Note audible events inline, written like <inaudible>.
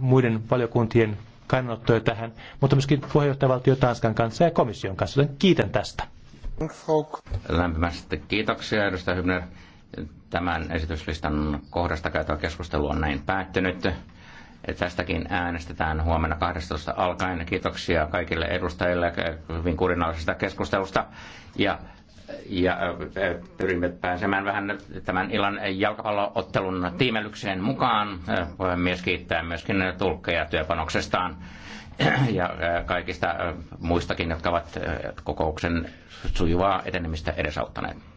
muiden valiokuntien kannanottoja tähän, mutta myöskin puheenjohtajavaltio Tanskan kanssa ja komission kanssa. Joten kiitän tästä. Lämpimästi kiitoksia, edustaja Hybner. Tämän esityslistan kohdasta käytävä keskustelu on näin päättynyt. Tästäkin äänestetään huomenna 12 alkaen. Kiitoksia kaikille edustajille hyvin kurinalaisesta keskustelusta. Ja ja äh, pyrimme pääsemään vähän tämän illan jalkapalloottelun tiimelykseen mukaan. Äh, puhemies kiittää myöskin tulkkeja työpanoksestaan <clears throat> ja äh, kaikista muistakin, jotka ovat kokouksen sujuvaa etenemistä edesauttaneet.